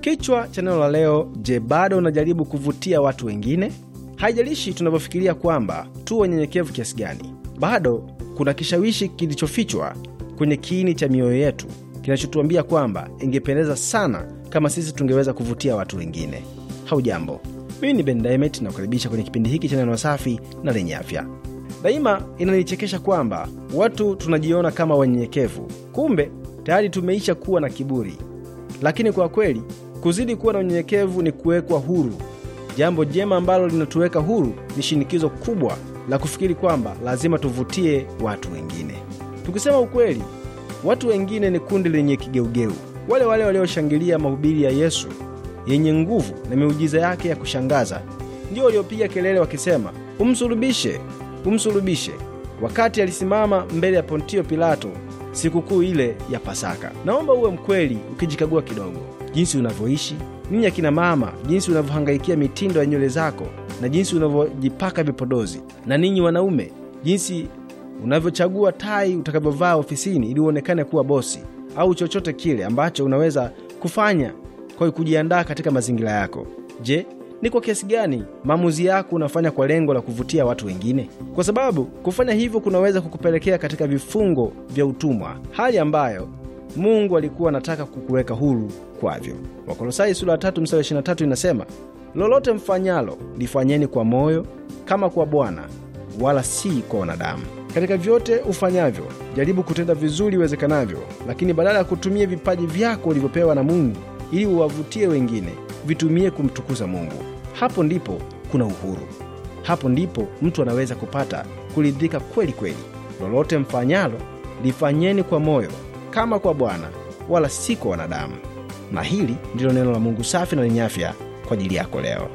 Kichwa cha neno la leo: Je, bado unajaribu kuvutia watu wengine? Haijalishi tunavyofikiria kwamba tu wanyenyekevu kiasi gani, bado kuna kishawishi kilichofichwa kwenye kiini cha mioyo yetu kinachotuambia kwamba ingependeza sana kama sisi tungeweza kuvutia watu wengine. Haujambo, mimi ni Ben Diamond na kukaribisha kwenye kipindi hiki cha neno safi na lenye afya. Daima inanichekesha kwamba watu tunajiona kama wanyenyekevu, kumbe tayari tumeisha kuwa na kiburi, lakini kwa kweli Kuzidi kuwa na unyenyekevu ni kuwekwa huru. Jambo jema ambalo linatuweka huru ni shinikizo kubwa la kufikiri kwamba lazima tuvutie watu wengine. Tukisema ukweli, watu wengine ni kundi lenye kigeugeu, wale wale walioshangilia mahubiri ya Yesu yenye nguvu na miujiza yake ya kushangaza, ndio waliopiga kelele wakisema, umsulubishe, umsulubishe, wakati alisimama mbele ya Pontio Pilato sikukuu ile ya Pasaka. Naomba uwe mkweli ukijikagua kidogo jinsi unavyoishi, ninyi akina mama, jinsi unavyohangaikia mitindo ya nywele zako na jinsi unavyojipaka vipodozi, na ninyi wanaume, jinsi unavyochagua tai utakavyovaa ofisini ili uonekane kuwa bosi, au chochote kile ambacho unaweza kufanya kwa kujiandaa katika mazingira yako. Je, ni kwa kiasi gani maamuzi yako unafanya kwa lengo la kuvutia watu wengine? Kwa sababu kufanya hivyo kunaweza kukupelekea katika vifungo vya utumwa, hali ambayo Mungu alikuwa anataka kukuweka huru kwavyo. Wakolosai sura ya tatu mstari tatu inasema, lolote mfanyalo lifanyeni kwa moyo kama kwa Bwana wala si kwa wanadamu. Katika vyote ufanyavyo, jaribu kutenda vizuri iwezekanavyo, lakini badala ya kutumia vipaji vyako ulivyopewa na Mungu ili uwavutie wengine, vitumie kumtukuza Mungu. Hapo ndipo kuna uhuru. Hapo ndipo mtu anaweza kupata kuridhika kweli kweli. Lolote mfanyalo lifanyeni kwa moyo kama kwa Bwana, wala si kwa wanadamu. Na hili ndilo neno la Mungu safi na lenye afya kwa ajili yako leo.